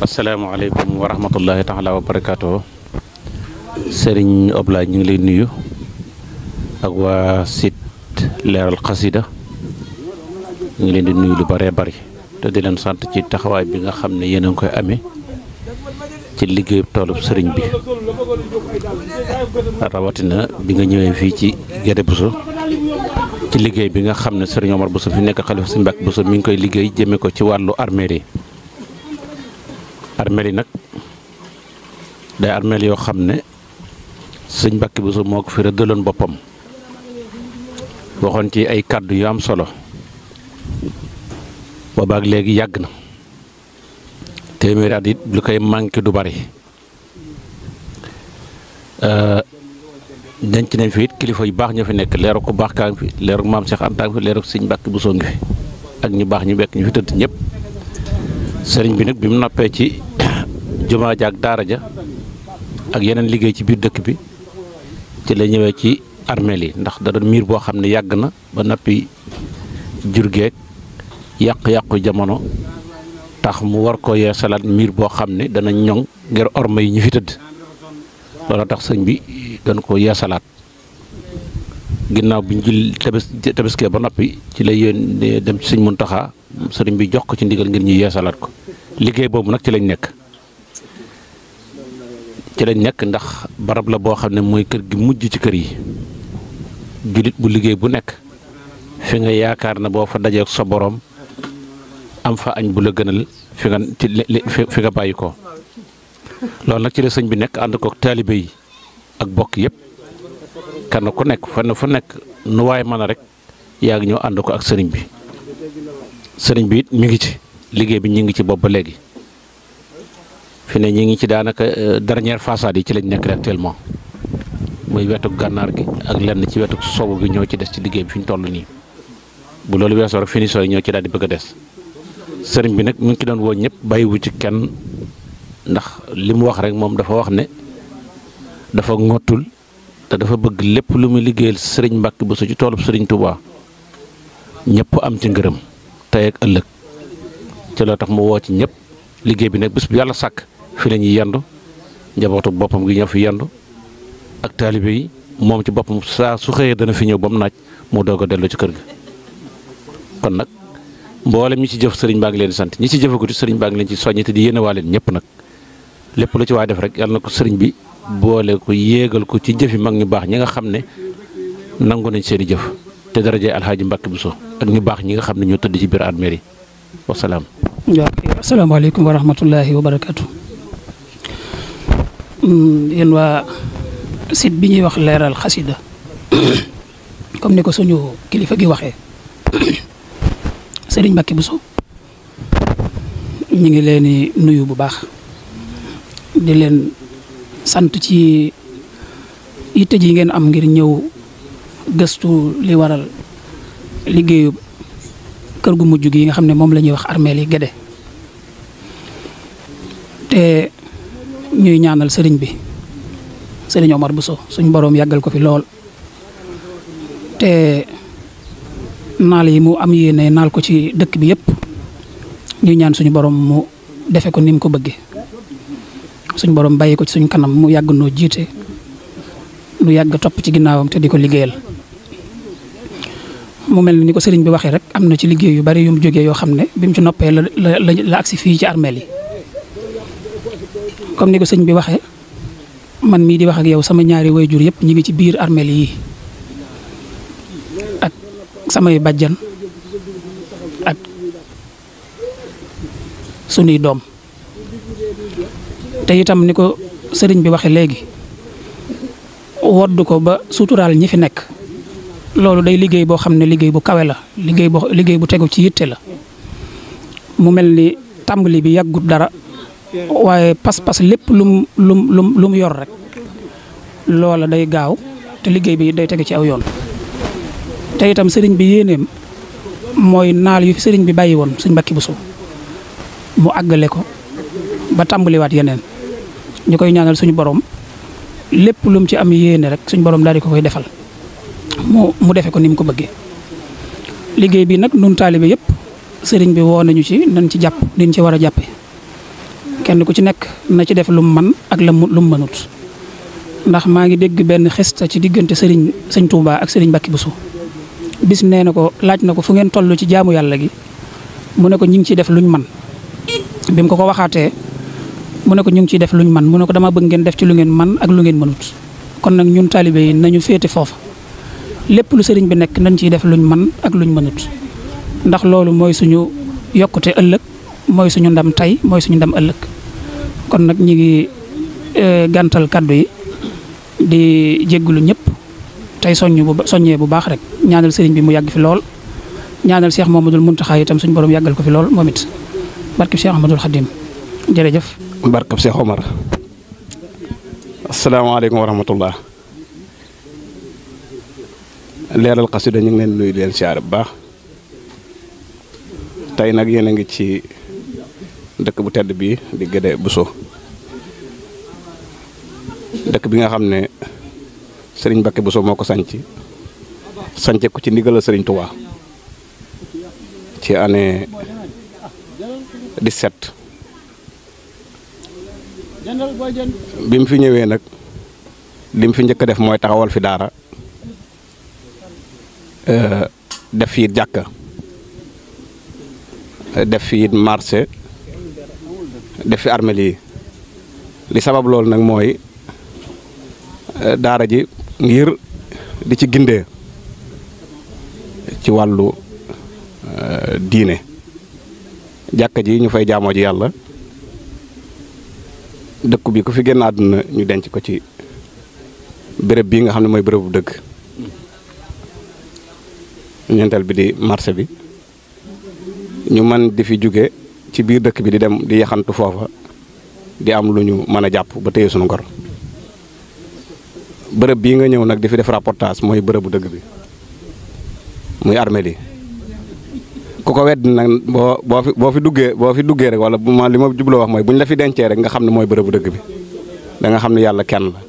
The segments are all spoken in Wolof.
asalaamaaleykum wa rahmatullahi taala wa barakaatu sëriñ Obla ñu ngi lay nuyu ak waa site leeral xasida ñu ngi leen di nuyu lu bëree bari te di leen sant ci taxawaay bi nga xam ne yéen a ngi koy amee ci liggéeyu toolub sëriñ bi rawatina bi nga ñëwee fii ci Guédé Bousso ci liggéey bi nga xam ne sëriñ Omar Bousso fi nekk xalifa si Mbàkke Bousso mi ngi koy liggéey jëmee ko ci wàllu armée armeel yi nag day armel yo xamne seigne bakki bu so moo fi rëddaloon bopam waxon ci ay kàddu yu am solo boobaak léegi yàgg na téeméeri lu kay manki du bari denc nañ fi it kilifa yu bax ñoo fi leeru ku bax kaang fi leeru maam Cheikh antang fi leeru bakki bu so ngi fi ak ñu bax ñu bekk ñu fi sering bi nag bi mu ci juma ja ak ja ak yenen liggéey ci biir dëkk bi ci la ñëwee ci armeel yi ndax da doon miir bo xam ne na ba noppi jur yak yàqu jamono tax mu war ko yeesalaat miir bo ne dana ñong ngir orme yi ñu fi tëdd wala tax sëñ bi dañ ko yeesalaat salat bi ñu jul ba noppi ci la dem ci sëñ muntaha serigne bi jox ko ci ndigal ngir ñu yeesalat ko liggey bobu nak ci lañ nek ci lañ nek ndax barab la bo xamne moy mooy kër gi mujj ci kër yi julit bu liggey bu nek fi nga yaakar na bo fa dajee ak so borom am fa añ bu la gënal fi nga fi nga bayiko lool nak ci le serigne bi nek and ko taalibe yi ak bokk kan ko nek fa na fa nek nu way mën rek yaag ngi and ko ak serigne bi serigne bi ñu ngi ci liggey bi ñu ngi ci bop ba legi fi ne ñu ngi ci daanaka euh, dernière façade yi ci lañ nekk actuellement muy wetu gannar gi ak lenn ci wetu soobu gi ñoo ci dess ci liggey bi fiñ tollu ni bu loolu wessor rek ñoo ci daldi di bëgg dess serigne bi nak mu ngi ci doon woo ñëpp bàyyiwu ci kenn ndax limu wax rek mom dafa wax ne dafa ngotul da dafa bëgg lepp lu mu liggéeyal sëriñ bu Buso ci tollu serigne Touba ñepp am ci ngeureum tey ak ëllëg ci loo tax mu woo ci ñëpp liggéey bi nag bis bu yàlla sàkk fi lañuy ñuy yendu njabootu boppam gi ñoo fi yendu ak taalibe yi moom ci boppam saa su xëyee dana fi ñëw ba mu naaj mu doog a dellu ci kër gi kon nag mboolem ñi ci jëf sëriñ baa ngi leen sant ñi ci jëfaguti sëriñ baa ngi leen ci soññi te di yéenewaa leen ñëpp nag lépp lu ci waay def rek yàlla na ko sëriñ bi boole ko yéegal ko ci yi mag ñu baax ñi nga xam ne nangu nañ seen i te darajee alhaji Mbàkke Buso ak ñu bax ñi nga xamni ñu tudd ci bir biir wa salam wasalaam waaw ya, alaykum wa rahmatullahi wa hmm yeen wa sit bi ñi wax leral xasida comme ni ko suñu kilifa gi waxe serigne Mbàkke Buso ñi ngi leen nuyu bu baax di leen sante ci yitte ji ngeen am ngir ñew gëstu li waral liggéeyu kër gu mujj gi nga xam ne moom la ñuy wax armeel yi Guédé te ñuy ñaanal sëriñ bi sëriñ Omar so suñ boroom yàggal ko fi lool te naal yi mu am yéene naal ko ci dëkk bi yëpp ñuy ñaan suñu borom mu defe ko ni mu ko bëggee suñ borom bàyyi ko ci suñ kanam mu yàgg noo jiite nu yàgg topp ci ginnaawam te di ko liggéeyal mu mel ni ko sëriñ bi waxee rek am na ci liggéey yu bari yu jógee yoo xam ne bi mu ci noppee la la la agsi fii ci armeel yi comme ni ko sëñ bi waxe man mii di wax ak yow sama ñaari way jur yëpp ñi ngi ci biir armeel yi ak samay bàjjan ak sunuy doom te itam ni ko sëriñ bi waxee léegi wodd ko ba suturaal ñi fi nekk loolu day liggéey boo xam ne liggéey bu kawe la liggéey boo liggéey bu tegu ci yitte la mu mel ni tàmbali bi yàggut dara waaye pas-pas lépp lum lum lum lu mu yor rek loola day gaaw te liggéey bi day tegu ci aw yoon te itam sëriñ bi yéeneem mooy naal yu fi sëriñ bi bàyyi woon suñ mbakki bu su mu àggale ko ba tàmbaliwaat yeneen ñu koy ñaanal suñu borom lépp lum ci am yéene rek suñu borom daal di ko koy defal mu mu defe ko ni mu ko bëggee liggéey bi nag nun taalibe yëpp sëriñ bi woo nañu ci nañ ci jàpp liñ ci war a jàppe kenn ku ci nekk na ci def lu mu man ak la mu lu mu mënut ndax maa ngi dégg benn xista ci diggante sëriñ sëñ Touba ak sëriñ bu Bousso bis nee na ko laaj na ko fu ngeen toll ci jaamu yàlla gi mu ne ko ñu ngi ciy def luñ man bi mu ko ko waxaatee mu ne ko ñu ngi ciy def luñ man mu ne ko dama bëgg ngeen def ci lu ngeen man ak lu ngeen mënut kon nag ñun taalibe yi nañu féete foofa lepp lu serigne bi nek nañ ci def luñ man ak luñ mënut ndax loolu moy suñu yokkute ëlëk moy suñu ndam tay moy suñu ndam ëlëk kon nak ñi ngi eh, gantal kaddu yi di jéggulu ñëpp tay soñu bu soñé bu baax rek ñaanal serigne bi mu yagg fi lool ñaanal Cheikh Mamadou Mountakha itam suñu borom yagal ko fi lool momit barke Cheikh Ahmadoul Khadim jëf barke Cheikh Omar alaykum wa rahmatullah leral qasida ñing leen nuyu leen siyaar bu baax tay nak yeena a ngi ci dekk bu tedd bi di Guédé Bousso dekk bi nga xamné serigne sëriñ Mbacké Bousso moo ko sanc sance ko ci ndigal serigne Touba ci ané 17 bi mu fi ñëwé nak lim fi ñëk def moy taxawal fi dara def fi jàkka def fi marché def fi armel yi li sabab loolu nag mooy eh, daara ji ngir di ci gindee ci wàllu eh, diine jàkka ji ñu fay jaamoo ji yàlla dëkku bi ku fi génn àdduna ñu denc ko ci béréb bii nga xam ne mooy bérébu dëkk ñentel bi di marché bi ñu man di fi juggé ci biir dëkk bi di dem di yaxantu foofa di am luñu mëna japp ba téye suñu ngor bërepp bi nga ñëw nak di fi def rapportage mooy bërëbu dëgg bi muy armée li ku ko wedd nak bo bo fi boo fi duggee boo fi duggé rek wala buma lima jublu wax moy buñ la fi dencé rek nga xamni moy bërepp bërëbu dëgg bi da nga xamni yalla kenn la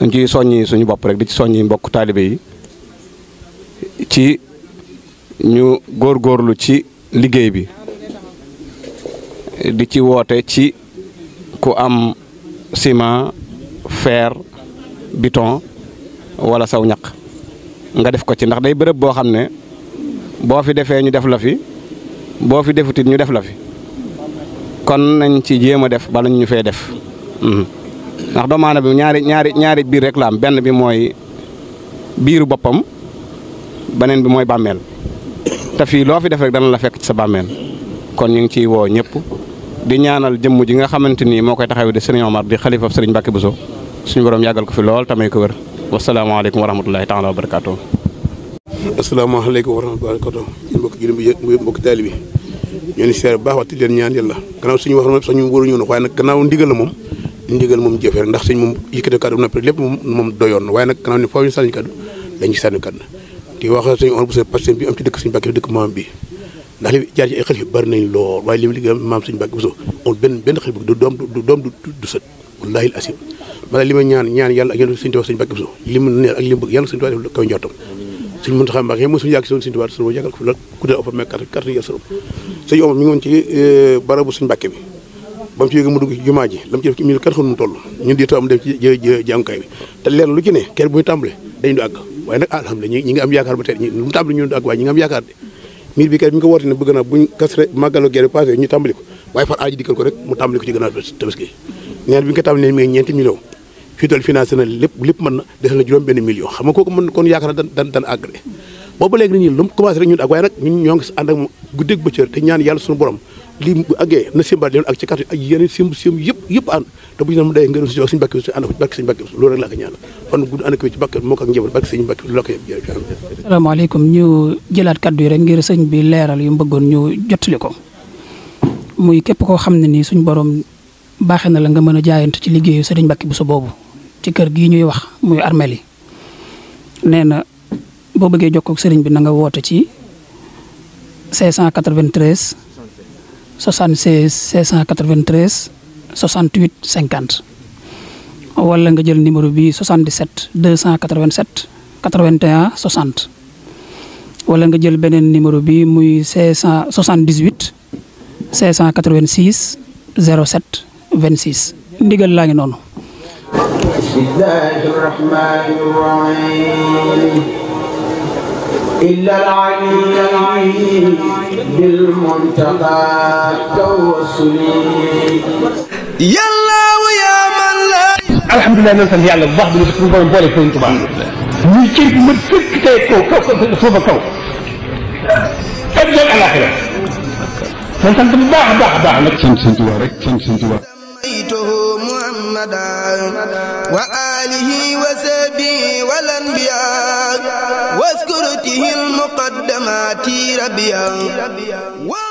dañ ciy suñu bop rek di ci soñi mbokk talibé yi ci ñu góorgóorlu ci liggéey bi di ci woote ci ku am ciment fer biton wala saw ñaq nga def ko ci ndax day bërëb boo xam ne boo fi defee ñu def la fi boo fi defutit ñu def la fi kon nañ ci jéem a def bala ñu fee def mhm. ndax doomu bi ñaari ñaari ñaari biir rek la am benn bi mooy biiru boppam benen bi moy bammel ta fi lo fi def rek dana la fekk ci sa bammel kon ñu ngi ciy woo ñëpp di ñaanal jëm ji nga xamanteni mo koy taxaw de serigne Omar di khalifa serigne bakki buso suñu borom yagal ko fi lol tamay ko wér alaykum wa rahmatullahi taala wa assalamu alaykum wa rahmatullahi wa barakatuh mbokk jullit bi ni xeer baax wa ti leen ñaan yalla gënaaw suñu wax suñu wëru ñu wóoru nak na ndigal mom ndigal mom jëfër ndax suñu mom yëkëte kaddu bu noppi lépp moom doyoon na waaye ni foofu ñu sànni kàddu dañ ci di wax sëñ Omar Bousso Pastef bi am ci dëkk sëñ Mbàkke dëkk maam bi ndax li jaar ci doom du doom du li ma ñaan ñaan yàlla ak yéen sëñ Tuubaa li mu neex ak li mu bëgg yàlla sëñ Tuubaa def kaw suñu yàgg mi ngi ci euh, barabu sëñ Mbàkke bi ba mu ci yëg mu dugg ci jumaa ji la mu ci def ci mille quatre xun mu toll ñun di to am dem ci jàngukaay bi te leen lu ci ne kenn buy tàmbale dañ du àgg waaye nag alhamdulilah ñi ngi am yaakaar ba tey lu tàmbali ñu ak waaye ñi ngi am yaakaar de miir bi kay mi ko woote a bëgg naa buñ kasre màggalu gere passé ñu tàmbali ko waaye far aaji dikkal ko rek mu tàmbali ko ci gannaaw tabaski neen bi ñu ko tàmbalee mi ngi ñeenti million fii toll financé na lépp lépp mën na des na juróom benn million xam nga kooku mën kon yaakaar dan dan dan agré boobu léegi ñun lu commencé rek ñun ak way nag ñun ñong ngi ànd ak guddeeg bëccëg te ñaan yalla suñu borom li bu agee na simbal leen ak ci carte ak yeneen sim sim yëpp yëpp and te bu ñu ne mu dee ngërëm suñu bakki suñu ànd bakki suñu bakki loolu rek la ko ñaan fon gudd and ak ci bakki mo ko ak njëbal bakki suñu bakki loolu la ko yëpp jërëjëf salaamaaleykum ñu jëlat kaddu rek ngir señ bi leeral yu mbeggon ñu jotali ko muy képp ko xam ni suñu borom baaxee na la nga mëna a ci liggéeyu sëriñ bakki bu sa bobu ci kër gi ñuy wax muy armeli yi bo beugé jokk ak sëriñ bi na nga woté ci 593 76 593 68 50 wala nga jël numéro bi 77 287 81 60 wala nga jël benen numéro bi muy 578 586 07 26 ndigal laa ngi noonu. bismillahi rahmani rahim إلا العين بالمنتقى التوسلي يلا ويا من لا الحمد لله ننسى على الظهر اللي بتكون من بولي فين طبعا نجيب من كل كتاب كو كو كو كو كو كو كو كو محمد وآله وسبي والأنبياء واسكرته المقدمات ربيا